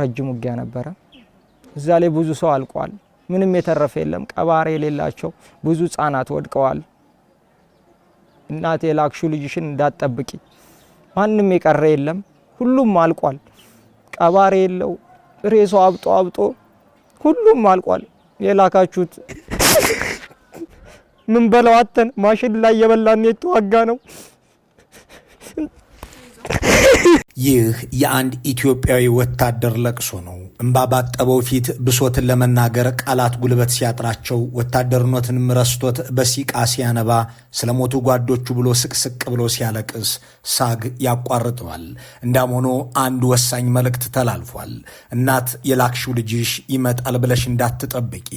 ረጅም ውጊያ ነበረ። እዛ ላይ ብዙ ሰው አልቋል። ምንም የተረፈ የለም። ቀባሪ የሌላቸው ብዙ ህጻናት ወድቀዋል። እናቴ ላክሹ ልጅሽን እንዳትጠብቂ፣ ማንም የቀረ የለም። ሁሉም አልቋል። ቀባሪ የለው ሬሶ አብጦ አብጦ ሁሉም አልቋል። የላካችሁት ምን በለው አተን ማሽን ላይ የበላን የተዋጋ ነው። ይህ የአንድ ኢትዮጵያዊ ወታደር ለቅሶ ነው። እምባ ባጠበው ፊት ብሶትን ለመናገር ቃላት ጉልበት ሲያጥራቸው ወታደርነትንም ረስቶት በሲቃ ሲያነባ ስለ ሞቱ ጓዶቹ ብሎ ስቅስቅ ብሎ ሲያለቅስ ሳግ ያቋርጠዋል። እንዳም ሆኖ አንድ ወሳኝ መልእክት ተላልፏል። እናት የላክሽው ልጅሽ ይመጣል ብለሽ እንዳትጠብቂ፣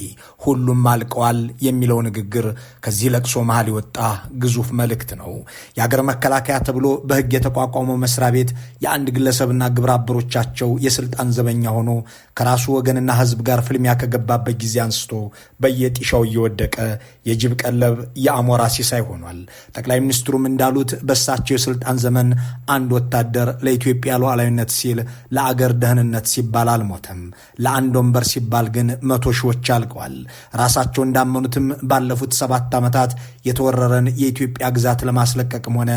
ሁሉም አልቀዋል የሚለው ንግግር ከዚህ ለቅሶ መሃል የወጣ ግዙፍ መልእክት ነው። የአገር መከላከያ ተብሎ በሕግ የተቋቋመው መስሪያ ቤት የአንድ ግለሰብና ግብረ አበሮቻቸው የስልጣን ዘበኛ ሆኖ ከራሱ ወገንና ሕዝብ ጋር ፍልሚያ ከገባበት ጊዜ አንስቶ በየጢሻው እየወደቀ የጅብ ቀለብ የአሞራ ሲሳይ ሆኗል። ጠቅላይ ሚኒስትሩም እንዳሉት በሳቸው የስልጣን ዘመን አንድ ወታደር ለኢትዮጵያ ሉዓላዊነት ሲል ለአገር ደህንነት ሲባል አልሞተም። ለአንድ ወንበር ሲባል ግን መቶ ሺዎች አልቀዋል። ራሳቸው እንዳመኑትም ባለፉት ሰባት ዓመታት የተወረረን የኢትዮጵያ ግዛት ለማስለቀቅም ሆነ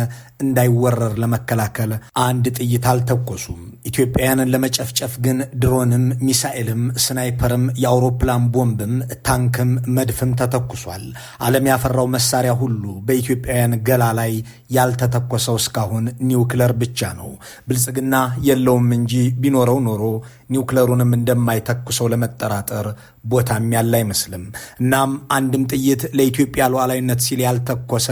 እንዳይወረር ለመከላከል አንድ ጥይት አልተኮሱም። ኢትዮጵያውያንን ለመጨፍጨፍ ግን ድሮንም፣ ሚሳኤልም፣ ስናይፐርም፣ የአውሮፕላን ቦምብም፣ ታንክም፣ መድፍም ተተኩሷል። ዓለም ያፈራው መሳሪያ ሁሉ በኢትዮጵያውያን ገላ ላይ ያልተተኮሰው እስካሁን ኒውክለር ብቻ ነው። ብልጽግና የለውም እንጂ ቢኖረው ኖሮ ኒውክለሩንም እንደማይተኩሰው ለመጠራጠር ቦታም ያለ አይመስልም። እናም አንድም ጥይት ለኢትዮጵያ ሉዓላዊነት ሲል ያልተኮሰ፣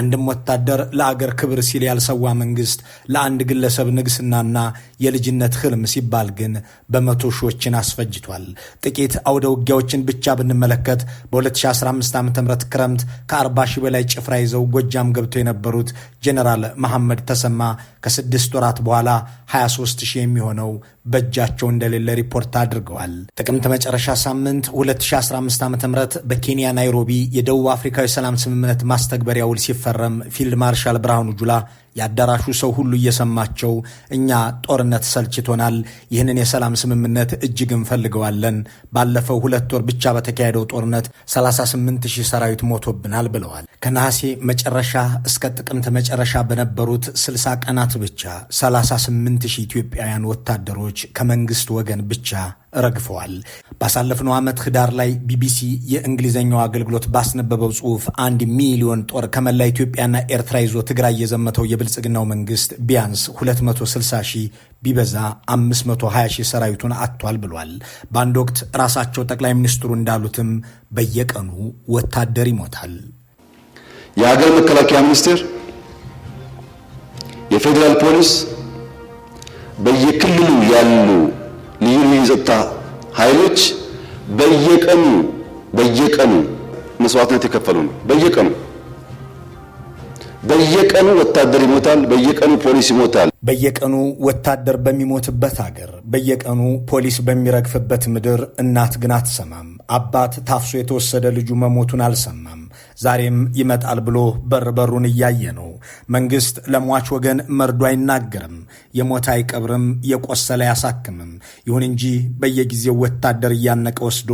አንድም ወታደር ለአገር ክብር ሲል ያልሰዋ መንግስት ለአንድ ግለሰብ ንግስናና የልጅነት ህልም ሲባል ግን በመቶ ሺዎችን አስፈጅቷል። ጥቂት አውደ ውጊያዎችን ብቻ ብንመለከት በ2015 ዓ ም ክረምት ከ40 ሺህ በላይ ጭፍራ ይዘው ጎጃም ገብተው የነበሩት ጀኔራል መሐመድ ተሰማ ከስድስት ወራት በኋላ 23 ሺህ የሚሆነው በእጃቸው እንደሌለ ሪፖርት አድርገዋል። ጥቅምት መጨረሻ ሳምንት 2015 ዓ ም በኬንያ ናይሮቢ የደቡብ አፍሪካዊ ሰላም ስምምነት ማስተግበሪያ ውል ሲፈረም ፊልድ ማርሻል ብርሃኑ ጁላ የአዳራሹ ሰው ሁሉ እየሰማቸው እኛ ጦርነት ሰልችቶናል፣ ይህንን የሰላም ስምምነት እጅግ እንፈልገዋለን፣ ባለፈው ሁለት ወር ብቻ በተካሄደው ጦርነት 38 ሺህ ሰራዊት ሞቶብናል ብለዋል። ከነሐሴ መጨረሻ እስከ ጥቅምት መጨረሻ በነበሩት 60 ቀናት ብቻ 38 ሺህ ኢትዮጵያውያን ወታደሮች ከመንግስት ወገን ብቻ ረግፈዋል። ባሳለፍነው ዓመት ህዳር ላይ ቢቢሲ የእንግሊዝኛው አገልግሎት ባስነበበው ጽሑፍ አንድ ሚሊዮን ጦር ከመላ ኢትዮጵያና ኤርትራ ይዞ ትግራይ የዘመተው የብልጽግናው መንግስት ቢያንስ 260 ሺህ ቢበዛ 520 ሺህ ሰራዊቱን አጥቷል ብሏል። በአንድ ወቅት ራሳቸው ጠቅላይ ሚኒስትሩ እንዳሉትም በየቀኑ ወታደር ይሞታል። የሀገር መከላከያ ሚኒስቴር፣ የፌዴራል ፖሊስ በየክልሉ ያሉ ልዩ ልዩ የጸጥታ ኃይሎች በየቀኑ በየቀኑ መስዋዕትነት የከፈሉ ነው። በየቀኑ በየቀኑ ወታደር ይሞታል። በየቀኑ ፖሊስ ይሞታል። በየቀኑ ወታደር በሚሞትበት አገር፣ በየቀኑ ፖሊስ በሚረግፍበት ምድር እናት ግን አትሰማም። አባት ታፍሶ የተወሰደ ልጁ መሞቱን አልሰማም። ዛሬም ይመጣል ብሎ በር በሩን እያየ ነው። መንግስት ለሟች ወገን መርዶ አይናገርም፣ የሞተ አይቀብርም፣ የቆሰለ አያሳክምም። ይሁን እንጂ በየጊዜው ወታደር እያነቀ ወስዶ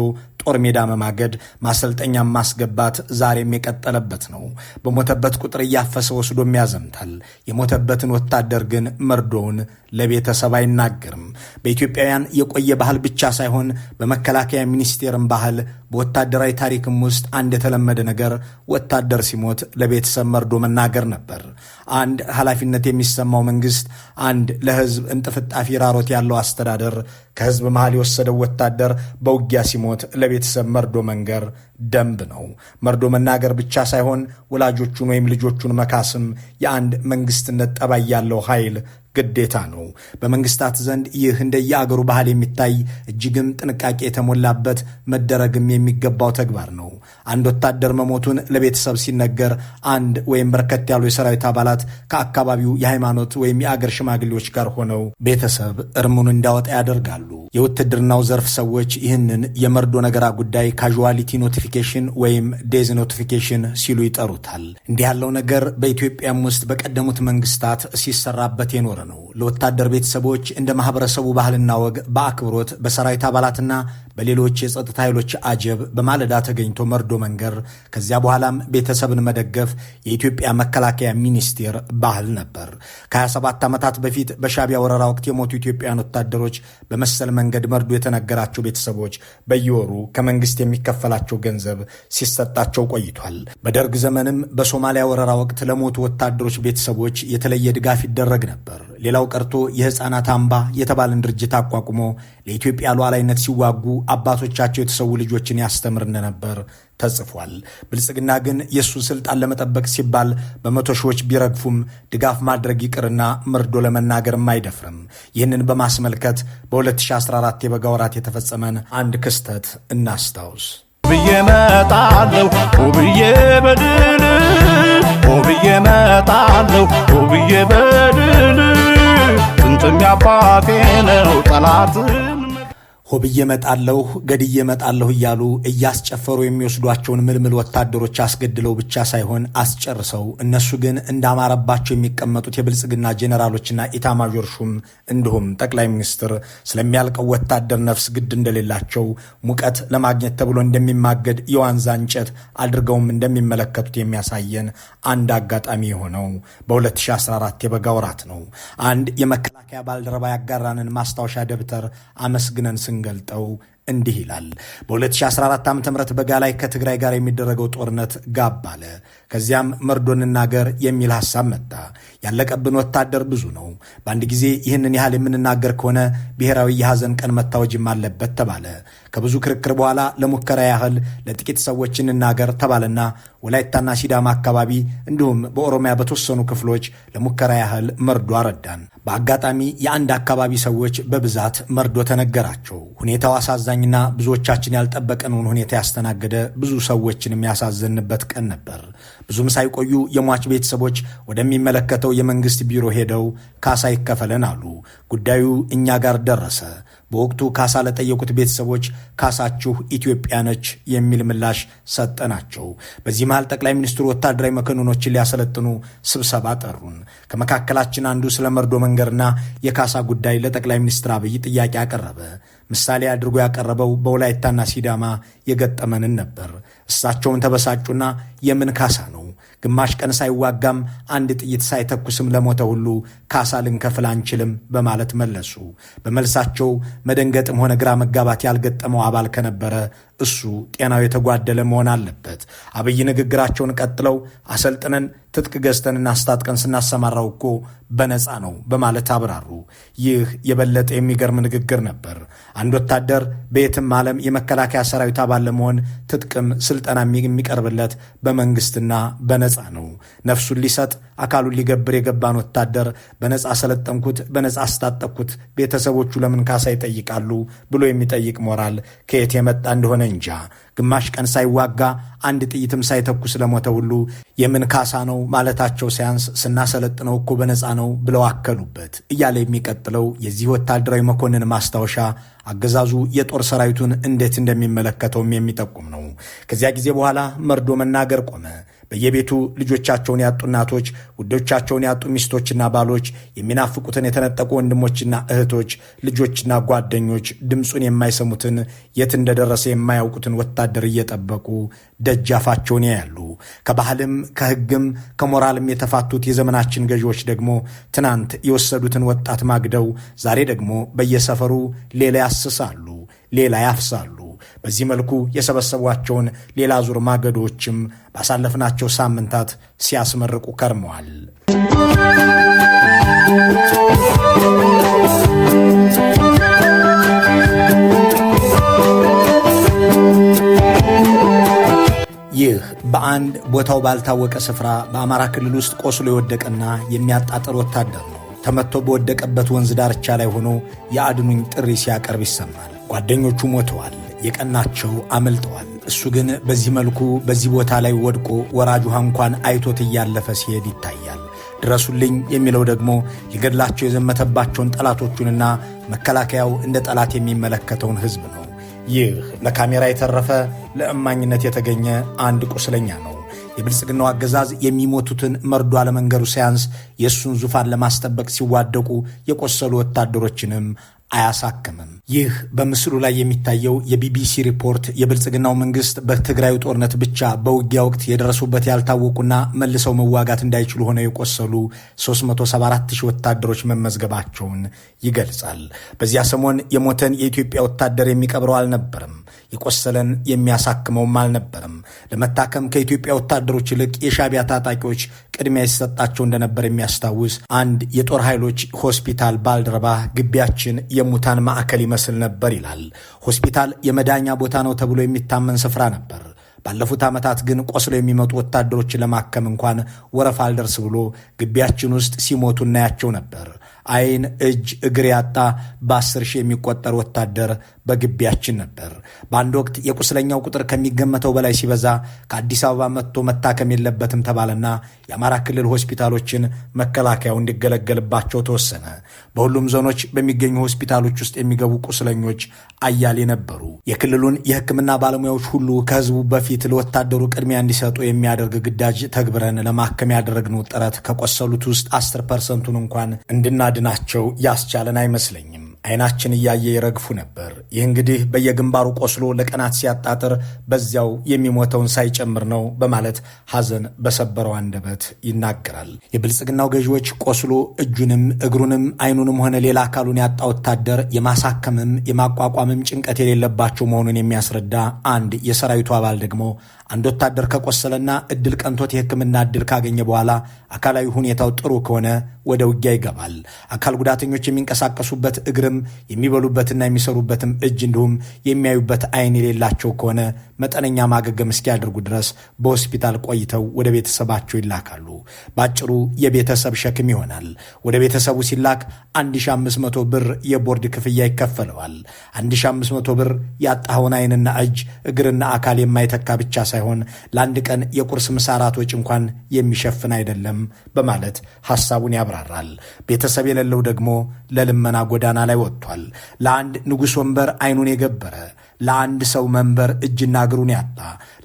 ጦር ሜዳ መማገድ፣ ማሰልጠኛ ማስገባት ዛሬም የቀጠለበት ነው። በሞተበት ቁጥር እያፈሰ ወስዶም ያዘምታል። የሞተበትን ወታደር ግን መርዶውን ለቤተሰብ አይናገርም። በኢትዮጵያውያን የቆየ ባህል ብቻ ሳይሆን በመከላከያ ሚኒስቴርም ባህል በወታደራዊ ታሪክም ውስጥ አንድ የተለመደ ነገር ወታደር ሲሞት ለቤተሰብ መርዶ መናገር ነበር። አንድ ኃላፊነት የሚሰማው መንግስት፣ አንድ ለህዝብ እንጥፍጣፊ ራሮት ያለው አስተዳደር ከህዝብ መሃል የወሰደው ወታደር በውጊያ ሲሞት ለቤተሰብ መርዶ መንገር ደንብ ነው። መርዶ መናገር ብቻ ሳይሆን ወላጆቹን ወይም ልጆቹን መካስም የአንድ መንግስትነት ጠባይ ያለው ኃይል ግዴታ ነው። በመንግስታት ዘንድ ይህ እንደየአገሩ ባህል የሚታይ እጅግም ጥንቃቄ የተሞላበት መደረግም የሚገባው ተግባር ነው። አንድ ወታደር መሞቱን ለቤተሰብ ሲነገር አንድ ወይም በርከት ያሉ የሰራዊት አባላት ከአካባቢው የሃይማኖት ወይም የአገር ሽማግሌዎች ጋር ሆነው ቤተሰብ እርሙን እንዳወጣ ያደርጋሉ። የውትድርናው ዘርፍ ሰዎች ይህንን የመርዶ ነገራ ጉዳይ ካዥዋሊቲ ኖቲፊኬሽን ወይም ዴዝ ኖቲፊኬሽን ሲሉ ይጠሩታል። እንዲህ ያለው ነገር በኢትዮጵያም ውስጥ በቀደሙት መንግስታት ሲሰራበት የኖረ ነው። ለወታደር ቤተሰቦች እንደ ማህበረሰቡ ባህልና ወግ በአክብሮት በሰራዊት አባላትና በሌሎች የጸጥታ ኃይሎች አጀብ በማለዳ ተገኝቶ መርዶ መንገር፣ ከዚያ በኋላም ቤተሰብን መደገፍ የኢትዮጵያ መከላከያ ሚኒስቴር ባህል ነበር። ከ27 ዓመታት በፊት በሻቢያ ወረራ ወቅት የሞቱ ኢትዮጵያውያን ወታደሮች በመሰል መንገድ መርዶ የተነገራቸው ቤተሰቦች በየወሩ ከመንግስት የሚከፈላቸው ገንዘብ ሲሰጣቸው ቆይቷል። በደርግ ዘመንም በሶማሊያ ወረራ ወቅት ለሞቱ ወታደሮች ቤተሰቦች የተለየ ድጋፍ ይደረግ ነበር። ሌላው ቀርቶ የህፃናት አምባ የተባለን ድርጅት አቋቁሞ ለኢትዮጵያ ሉዓላዊነት ሲዋጉ አባቶቻቸው የተሰዉ ልጆችን ያስተምር እንደነበር ተጽፏል። ብልጽግና ግን የእሱን ስልጣን ለመጠበቅ ሲባል በመቶ ሺዎች ቢረግፉም ድጋፍ ማድረግ ይቅርና መርዶ ለመናገርም አይደፍርም። ይህንን በማስመልከት በ2014 የበጋ ወራት የተፈጸመን አንድ ክስተት እናስታውስ። ብዬ መጣለሁ ብዬ በድል መጣለሁ በድል ጥንጥም ያባቴ ነው ጠላት ሆብዬ መጣለሁ ገድዬ መጣለሁ እያሉ እያስጨፈሩ የሚወስዷቸውን ምልምል ወታደሮች አስገድለው ብቻ ሳይሆን አስጨርሰው እነሱ ግን እንዳማረባቸው የሚቀመጡት የብልጽግና ጄኔራሎችና ኢታማዦር ሹም እንዲሁም ጠቅላይ ሚኒስትር ስለሚያልቀው ወታደር ነፍስ ግድ እንደሌላቸው ሙቀት ለማግኘት ተብሎ እንደሚማገድ የዋንዛ እንጨት አድርገውም እንደሚመለከቱት የሚያሳየን አንድ አጋጣሚ የሆነው በ2014 የበጋ ወራት ነው። አንድ የመከላከያ ባልደረባ ያጋራንን ማስታወሻ ደብተር አመስግነን ስን ስንገልጠው እንዲህ ይላል። በ2014 ዓ ም በጋ ላይ ከትግራይ ጋር የሚደረገው ጦርነት ጋብ አለ። ከዚያም መርዶ እንናገር የሚል ሐሳብ መጣ። ያለቀብን ወታደር ብዙ ነው። በአንድ ጊዜ ይህንን ያህል የምንናገር ከሆነ ብሔራዊ የሐዘን ቀን መታወጅም አለበት ተባለ። ከብዙ ክርክር በኋላ ለሙከራ ያህል ለጥቂት ሰዎች እንናገር ተባለና ወላይታና ሲዳማ አካባቢ እንዲሁም በኦሮሚያ በተወሰኑ ክፍሎች ለሙከራ ያህል መርዶ አረዳን። በአጋጣሚ የአንድ አካባቢ ሰዎች በብዛት መርዶ ተነገራቸው። ሁኔታው አሳዛኝና ብዙዎቻችን ያልጠበቀነውን ሁኔታ ያስተናገደ ብዙ ሰዎችን የሚያሳዝንበት ቀን ነበር። ብዙም ሳይቆዩ የሟች ቤተሰቦች ወደሚመለከተው የመንግስት ቢሮ ሄደው ካሳ ይከፈለን አሉ። ጉዳዩ እኛ ጋር ደረሰ። በወቅቱ ካሳ ለጠየቁት ቤተሰቦች ካሳችሁ ኢትዮጵያ ነች የሚል ምላሽ ሰጠናቸው። በዚህ መሃል ጠቅላይ ሚኒስትሩ ወታደራዊ መኮንኖችን ሊያሰለጥኑ ስብሰባ ጠሩን። ከመካከላችን አንዱ ስለ መርዶ መንገርና የካሳ ጉዳይ ለጠቅላይ ሚኒስትር አብይ ጥያቄ አቀረበ። ምሳሌ አድርጎ ያቀረበው በወላይታና ሲዳማ የገጠመንን ነበር። እሳቸውም ተበሳጩና የምን ካሳ ነው ግማሽ ቀን ሳይዋጋም አንድ ጥይት ሳይተኩስም ለሞተ ሁሉ ካሳ ልንከፍል አንችልም በማለት መለሱ። በመልሳቸው መደንገጥም ሆነ ግራ መጋባት ያልገጠመው አባል ከነበረ እሱ ጤናው የተጓደለ መሆን አለበት። አብይ ንግግራቸውን ቀጥለው አሰልጥነን ትጥቅ ገዝተንና አስታጥቀን ስናሰማራው እኮ በነፃ ነው በማለት አብራሩ። ይህ የበለጠ የሚገርም ንግግር ነበር። አንድ ወታደር በየትም ዓለም የመከላከያ ሰራዊት አባል ለመሆን ትጥቅም ስልጠና የሚቀርብለት በመንግስትና በነፃ ነው። ነፍሱን ሊሰጥ አካሉን ሊገብር የገባን ወታደር በነፃ አሰለጠንኩት፣ በነፃ አስታጠቅኩት፣ ቤተሰቦቹ ለምን ካሳ ይጠይቃሉ ብሎ የሚጠይቅ ሞራል ከየት የመጣ እንደሆነ ጠመንጃ ግማሽ ቀን ሳይዋጋ አንድ ጥይትም ሳይተኩስ ለሞተ ሁሉ የምን ካሳ ነው ማለታቸው ሳያንስ ስናሰለጥነው እኮ በነፃ ነው ብለው አከሉበት እያለ የሚቀጥለው የዚህ ወታደራዊ መኮንን ማስታወሻ አገዛዙ የጦር ሰራዊቱን እንዴት እንደሚመለከተውም የሚጠቁም ነው። ከዚያ ጊዜ በኋላ መርዶ መናገር ቆመ። በየቤቱ ልጆቻቸውን ያጡ እናቶች፣ ውዶቻቸውን ያጡ ሚስቶችና ባሎች፣ የሚናፍቁትን የተነጠቁ ወንድሞችና እህቶች፣ ልጆችና ጓደኞች፣ ድምፁን የማይሰሙትን የት እንደደረሰ የማያውቁትን ወታደር እየጠበቁ ደጃፋቸውን ያያሉ። ከባህልም ከሕግም ከሞራልም የተፋቱት የዘመናችን ገዢዎች ደግሞ ትናንት የወሰዱትን ወጣት ማግደው ዛሬ ደግሞ በየሰፈሩ ሌላ ያስሳሉ፣ ሌላ ያፍሳሉ። በዚህ መልኩ የሰበሰቧቸውን ሌላ ዙር ማገዶችም ባሳለፍናቸው ሳምንታት ሲያስመርቁ ከርመዋል። ይህ በአንድ ቦታው ባልታወቀ ስፍራ በአማራ ክልል ውስጥ ቆስሎ የወደቀና የሚያጣጥር ወታደር ነው። ተመቶ በወደቀበት ወንዝ ዳርቻ ላይ ሆኖ የአድኑኝ ጥሪ ሲያቀርብ ይሰማል። ጓደኞቹ ሞተዋል። የቀናቸው አመልጠዋል። እሱ ግን በዚህ መልኩ በዚህ ቦታ ላይ ወድቆ ወራጅ ውሃ እንኳን አይቶት እያለፈ ሲሄድ ይታያል። ድረሱልኝ የሚለው ደግሞ ሊገድላቸው የዘመተባቸውን ጠላቶቹንና መከላከያው እንደ ጠላት የሚመለከተውን ሕዝብ ነው። ይህ ለካሜራ የተረፈ ለእማኝነት የተገኘ አንድ ቁስለኛ ነው። የብልጽግናው አገዛዝ የሚሞቱትን መርዶ አለመንገሩ ሳያንስ የእሱን ዙፋን ለማስጠበቅ ሲዋደቁ የቆሰሉ ወታደሮችንም አያሳክምም። ይህ በምስሉ ላይ የሚታየው የቢቢሲ ሪፖርት የብልጽግናው መንግስት በትግራዩ ጦርነት ብቻ በውጊያ ወቅት የደረሱበት ያልታወቁና መልሰው መዋጋት እንዳይችሉ ሆነው የቆሰሉ 374 ወታደሮች መመዝገባቸውን ይገልጻል። በዚያ ሰሞን የሞተን የኢትዮጵያ ወታደር የሚቀብረው አልነበረም፣ የቆሰለን የሚያሳክመውም አልነበረም። ለመታከም ከኢትዮጵያ ወታደሮች ይልቅ የሻቢያ ታጣቂዎች ቅድሚያ ይሰጣቸው እንደነበር የሚያስታውስ አንድ የጦር ኃይሎች ሆስፒታል ባልደረባ ግቢያችን የሙታን ማዕከል ይመስል ነበር ይላል። ሆስፒታል የመዳኛ ቦታ ነው ተብሎ የሚታመን ስፍራ ነበር። ባለፉት ዓመታት ግን ቆስሎ የሚመጡ ወታደሮችን ለማከም እንኳን ወረፋ አልደርስ ብሎ ግቢያችን ውስጥ ሲሞቱ እናያቸው ነበር። አይን እጅ፣ እግር ያጣ በአስር ሺህ የሚቆጠር ወታደር በግቢያችን ነበር። በአንድ ወቅት የቁስለኛው ቁጥር ከሚገመተው በላይ ሲበዛ ከአዲስ አበባ መጥቶ መታከም የለበትም ተባለና የአማራ ክልል ሆስፒታሎችን መከላከያው እንዲገለገልባቸው ተወሰነ። በሁሉም ዞኖች በሚገኙ ሆስፒታሎች ውስጥ የሚገቡ ቁስለኞች አያሌ ነበሩ። የክልሉን የሕክምና ባለሙያዎች ሁሉ ከህዝቡ በፊት ለወታደሩ ቅድሚያ እንዲሰጡ የሚያደርግ ግዳጅ ተግብረን ለማከም ያደረግነው ጥረት ከቆሰሉት ውስጥ አስር ፐርሰንቱን እንኳን እንድናድናቸው ያስቻለን አይመስለኝም። አይናችን እያየ ይረግፉ ነበር። ይህ እንግዲህ በየግንባሩ ቆስሎ ለቀናት ሲያጣጥር በዚያው የሚሞተውን ሳይጨምር ነው በማለት ሐዘን በሰበረው አንደበት ይናገራል። የብልጽግናው ገዢዎች ቆስሎ እጁንም እግሩንም አይኑንም ሆነ ሌላ አካሉን ያጣ ወታደር የማሳከምም የማቋቋምም ጭንቀት የሌለባቸው መሆኑን የሚያስረዳ አንድ የሰራዊቱ አባል ደግሞ አንድ ወታደር ከቆሰለና እድል ቀንቶት የህክምና እድል ካገኘ በኋላ አካላዊ ሁኔታው ጥሩ ከሆነ ወደ ውጊያ ይገባል። አካል ጉዳተኞች የሚንቀሳቀሱበት እግርም፣ የሚበሉበትና የሚሰሩበትም እጅ እንዲሁም የሚያዩበት አይን የሌላቸው ከሆነ መጠነኛ ማገገም እስኪያደርጉ ድረስ በሆስፒታል ቆይተው ወደ ቤተሰባቸው ይላካሉ። በአጭሩ የቤተሰብ ሸክም ይሆናል። ወደ ቤተሰቡ ሲላክ 1500 ብር የቦርድ ክፍያ ይከፈለዋል። 1500 ብር ያጣኸውን አይንና እጅ እግርና አካል የማይተካ ብቻ ሳይሆን ሳይሆን ለአንድ ቀን የቁርስ ምሳ ወጪ እንኳን የሚሸፍን አይደለም በማለት ሐሳቡን ያብራራል። ቤተሰብ የሌለው ደግሞ ለልመና ጎዳና ላይ ወጥቷል። ለአንድ ንጉሥ ወንበር አይኑን የገበረ ለአንድ ሰው መንበር እጅና እግሩን ያጣ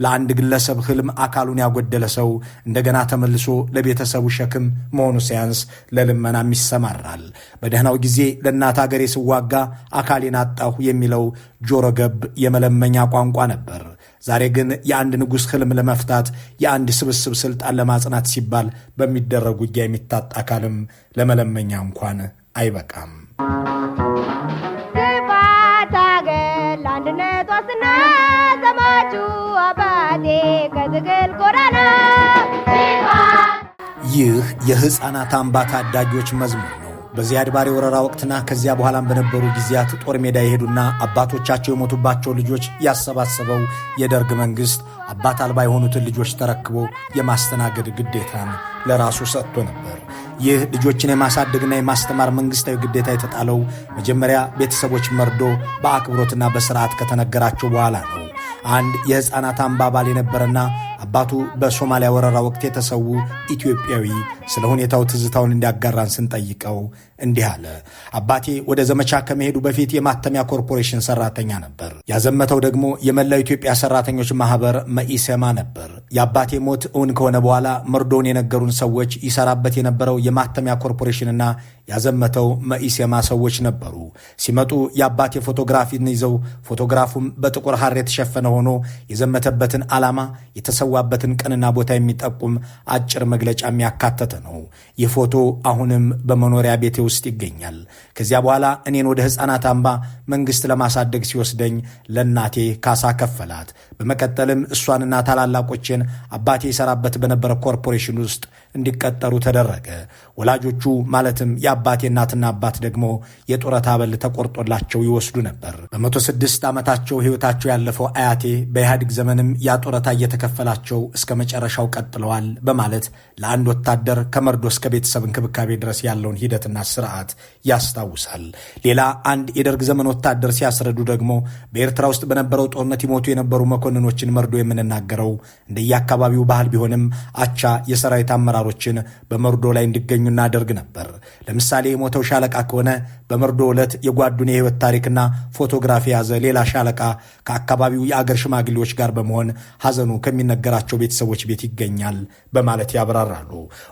ለአንድ ግለሰብ ህልም አካሉን ያጎደለ ሰው እንደገና ተመልሶ ለቤተሰቡ ሸክም መሆኑ ሲያንስ ለልመናም ይሰማራል። በደህናው ጊዜ ለእናት አገሬ ስዋጋ አካሌን አጣሁ የሚለው ጆሮ ገብ የመለመኛ ቋንቋ ነበር። ዛሬ ግን የአንድ ንጉሥ ህልም ለመፍታት የአንድ ስብስብ ስልጣን ለማጽናት ሲባል በሚደረግ ውጊያ የሚታጣ አካልም ለመለመኛ እንኳን አይበቃም። ይህ የሕፃናት አምባ ታዳጊዎች መዝሙር በዚህ አድባሪ ወረራ ወቅትና ከዚያ በኋላም በነበሩ ጊዜያት ጦር ሜዳ የሄዱና አባቶቻቸው የሞቱባቸው ልጆች ያሰባሰበው የደርግ መንግስት አባት አልባ የሆኑትን ልጆች ተረክቦ የማስተናገድ ግዴታን ለራሱ ሰጥቶ ነበር። ይህ ልጆችን የማሳደግና የማስተማር መንግስታዊ ግዴታ የተጣለው መጀመሪያ ቤተሰቦች መርዶ በአክብሮትና በስርዓት ከተነገራቸው በኋላ ነው። አንድ የሕፃናት አንባባል የነበረና አባቱ በሶማሊያ ወረራ ወቅት የተሰዉ ኢትዮጵያዊ ስለ ሁኔታው ትዝታውን እንዲያጋራን ስንጠይቀው እንዲህ አለ። አባቴ ወደ ዘመቻ ከመሄዱ በፊት የማተሚያ ኮርፖሬሽን ሰራተኛ ነበር። ያዘመተው ደግሞ የመላው ኢትዮጵያ ሰራተኞች ማህበር መኢሰማ ነበር። የአባቴ ሞት እውን ከሆነ በኋላ መርዶውን የነገሩን ሰዎች ይሰራበት የነበረው የማተሚያ ኮርፖሬሽንና ያዘመተው መኢሴማ ሰዎች ነበሩ። ሲመጡ የአባቴ ፎቶግራፊን ይዘው ፎቶግራፉም በጥቁር ሐር የተሸፈነ ሆኖ የዘመተበትን ዓላማ የተሰዋበትን ቀንና ቦታ የሚጠቁም አጭር መግለጫ የሚያካተተ ነው። ይህ ፎቶ አሁንም በመኖሪያ ቤቴ ውስጥ ይገኛል። ከዚያ በኋላ እኔን ወደ ሕፃናት አምባ መንግሥት ለማሳደግ ሲወስደኝ ለእናቴ ካሳ ከፈላት። በመቀጠልም እሷንና ታላላቆችን አባቴ ይሰራበት በነበረ ኮርፖሬሽን ውስጥ እንዲቀጠሩ ተደረገ። ወላጆቹ ማለትም ያ የአባቴ እናትና አባት ደግሞ የጡረታ አበል ተቆርጦላቸው ይወስዱ ነበር። በመቶ ስድስት ዓመታቸው ሕይወታቸው ያለፈው አያቴ በኢህአዲግ ዘመንም ያ ጡረታ እየተከፈላቸው እስከ መጨረሻው ቀጥለዋል በማለት ለአንድ ወታደር ከመርዶ እስከ ቤተሰብ እንክብካቤ ድረስ ያለውን ሂደትና ስርዓት ያስታውሳል። ሌላ አንድ የደርግ ዘመን ወታደር ሲያስረዱ ደግሞ በኤርትራ ውስጥ በነበረው ጦርነት ይሞቱ የነበሩ መኮንኖችን መርዶ የምንናገረው እንደየአካባቢው ባህል ቢሆንም አቻ የሰራዊት አመራሮችን በመርዶ ላይ እንዲገኙ እናደርግ ነበር። ለምሳሌ የሞተው ሻለቃ ከሆነ በመርዶ ዕለት የጓዱን የህይወት ታሪክና ፎቶግራፊ የያዘ ሌላ ሻለቃ ከአካባቢው የአገር ሽማግሌዎች ጋር በመሆን ሐዘኑ ከሚነገራቸው ቤተሰቦች ቤት ይገኛል በማለት ያብራራሉ።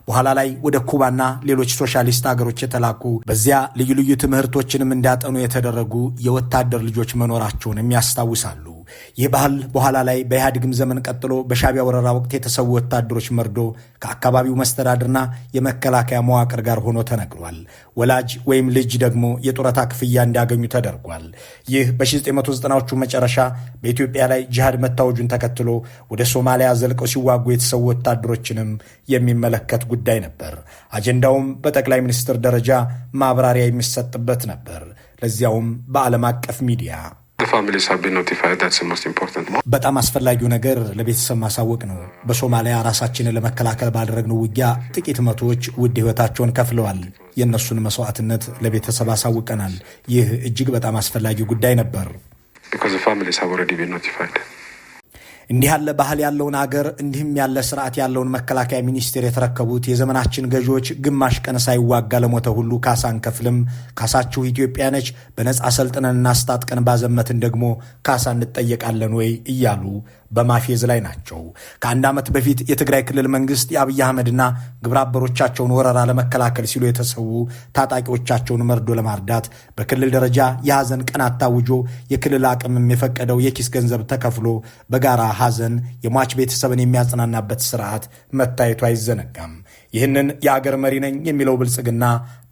በኋላ ላይ ወደ ኩባና ሌሎች ሶሻሊስት አገሮች የተላኩ በዚያ ልዩ ልዩ ትምህርቶችንም እንዲያጠኑ የተደረጉ የወታደር ልጆች መኖራቸውንም ያስታውሳሉ። ይህ ባህል በኋላ ላይ በኢህአዴግም ዘመን ቀጥሎ በሻቢያ ወረራ ወቅት የተሰዉ ወታደሮች መርዶ ከአካባቢው መስተዳድርና የመከላከያ መዋቅር ጋር ሆኖ ተነግሯል። ወላጅ ወይም ልጅ ደግሞ የጡረታ ክፍያ እንዲያገኙ ተደርጓል። ይህ በ1990ዎቹ መጨረሻ በኢትዮጵያ ላይ ጂሃድ መታወጁን ተከትሎ ወደ ሶማሊያ ዘልቀው ሲዋጉ የተሰዉ ወታደሮችንም የሚመለከት ጉዳይ ነበር። አጀንዳውም በጠቅላይ ሚኒስትር ደረጃ ማብራሪያ የሚሰጥበት ነበር። ለዚያውም በዓለም አቀፍ ሚዲያ በጣም አስፈላጊው ነገር ለቤተሰብ ማሳወቅ ነው። በሶማሊያ ራሳችንን ለመከላከል ባደረግነው ውጊያ ጥቂት መቶዎች ውድ ሕይወታቸውን ከፍለዋል። የእነሱን መስዋዕትነት ለቤተሰብ አሳውቀናል። ይህ እጅግ በጣም አስፈላጊ ጉዳይ ነበር። እንዲህ ያለ ባህል ያለውን አገር እንዲህም ያለ ስርዓት ያለውን መከላከያ ሚኒስቴር የተረከቡት የዘመናችን ገዢዎች ግማሽ ቀን ሳይዋጋ ለሞተ ሁሉ ካሳ አንከፍልም፣ ካሳችሁ ኢትዮጵያ ነች፣ በነጻ ሰልጥነን እናስታጥቀን ባዘመትን ደግሞ ካሳ እንጠየቃለን ወይ እያሉ በማፌዝ ላይ ናቸው። ከአንድ ዓመት በፊት የትግራይ ክልል መንግስት የአብይ አህመድና ግብረ አበሮቻቸውን ወረራ ለመከላከል ሲሉ የተሰዉ ታጣቂዎቻቸውን መርዶ ለማርዳት በክልል ደረጃ የሐዘን ቀን አታውጆ የክልል አቅምም የፈቀደው የኪስ ገንዘብ ተከፍሎ በጋራ ሐዘን የሟች ቤተሰብን የሚያጽናናበት ስርዓት መታየቱ አይዘነጋም። ይህንን የአገር መሪ ነኝ የሚለው ብልጽግና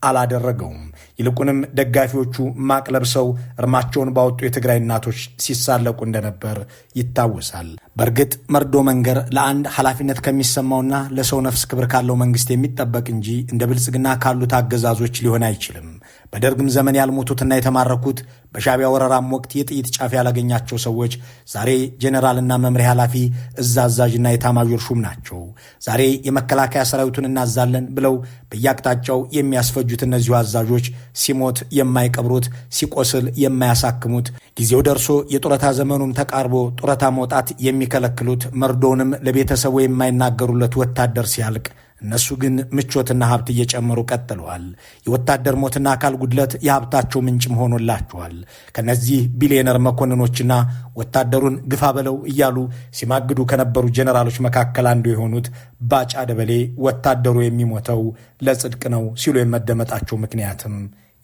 አላደረገውም። ይልቁንም ደጋፊዎቹ ማቅ ለብሰው እርማቸውን ባወጡ የትግራይ እናቶች ሲሳለቁ እንደነበር ይታወሳል። በእርግጥ መርዶ መንገር ለአንድ ኃላፊነት ከሚሰማውና ለሰው ነፍስ ክብር ካለው መንግስት የሚጠበቅ እንጂ እንደ ብልጽግና ካሉት አገዛዞች ሊሆን አይችልም። በደርግም ዘመን ያልሞቱትና የተማረኩት በሻቢያ ወረራም ወቅት የጥይት ጫፍ ያላገኛቸው ሰዎች ዛሬ ጄኔራልና መምሪያ ኃላፊ እዝ አዛዥና የታማዦር ሹም ናቸው። ዛሬ የመከላከያ ሰራዊቱን እናዛለን ብለው በየአቅጣጫው የሚያስፈጁት እነዚሁ አዛዦች ሲሞት የማይቀብሩት፣ ሲቆስል የማያሳክሙት፣ ጊዜው ደርሶ የጡረታ ዘመኑም ተቃርቦ ጡረታ መውጣት የሚከለክሉት፣ መርዶውንም ለቤተሰቡ የማይናገሩለት ወታደር ሲያልቅ እነሱ ግን ምቾትና ሀብት እየጨመሩ ቀጥለዋል። የወታደር ሞትና አካል ጉድለት የሀብታቸው ምንጭም ሆኖላቸዋል። ከነዚህ ቢሊዮነር መኮንኖችና ወታደሩን ግፋ በለው እያሉ ሲማግዱ ከነበሩ ጀኔራሎች መካከል አንዱ የሆኑት ባጫ ደበሌ ወታደሩ የሚሞተው ለጽድቅ ነው ሲሉ የመደመጣቸው ምክንያትም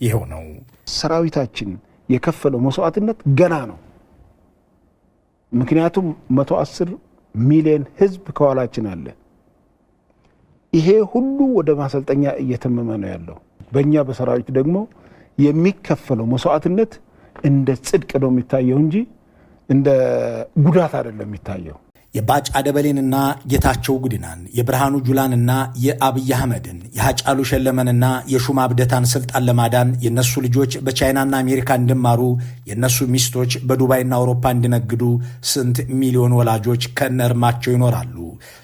ይኸው ነው። ሰራዊታችን የከፈለው መስዋዕትነት ገና ነው። ምክንያቱም መቶ አስር ሚሊዮን ህዝብ ከኋላችን አለ። ይሄ ሁሉ ወደ ማሰልጠኛ እየተመመ ነው ያለው። በእኛ በሰራዊት ደግሞ የሚከፈለው መስዋዕትነት እንደ ጽድቅ ነው የሚታየው እንጂ እንደ ጉዳት አይደለም የሚታየው። የባጫ ደበሌንና ጌታቸው ጉዲናን የብርሃኑ ጁላንና የአብይ አህመድን የሐጫሉ ሸለመንና የሹማ አብደታን ስልጣን ለማዳን የነሱ ልጆች በቻይናና አሜሪካ እንዲማሩ የነሱ ሚስቶች በዱባይና አውሮፓ እንዲነግዱ ስንት ሚሊዮን ወላጆች ከነርማቸው ይኖራሉ?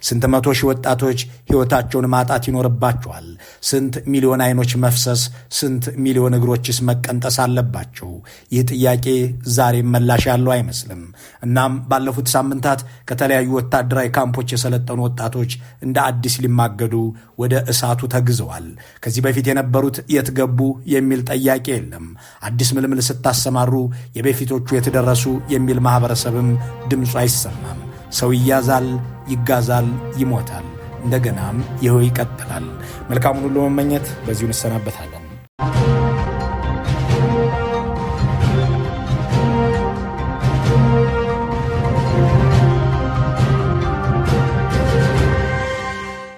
ስንት መቶ ሺህ ወጣቶች ሕይወታቸውን ማጣት ይኖርባቸዋል? ስንት ሚሊዮን አይኖች መፍሰስ፣ ስንት ሚሊዮን እግሮችስ መቀንጠስ አለባቸው? ይህ ጥያቄ ዛሬም መላሽ ያለው አይመስልም። እናም ባለፉት ሳምንታት ከተለ በተለያዩ ወታደራዊ ካምፖች የሰለጠኑ ወጣቶች እንደ አዲስ ሊማገዱ ወደ እሳቱ ተግዘዋል። ከዚህ በፊት የነበሩት የት ገቡ የሚል ጥያቄ የለም። አዲስ ምልምል ስታሰማሩ የበፊቶቹ የትደረሱ የሚል ማኅበረሰብም ድምፁ አይሰማም። ሰው ይያዛል፣ ይጋዛል፣ ይሞታል። እንደገናም ይኸው ይቀጥላል። መልካሙን ሁሉ መመኘት በዚሁ እንሰናበታለን።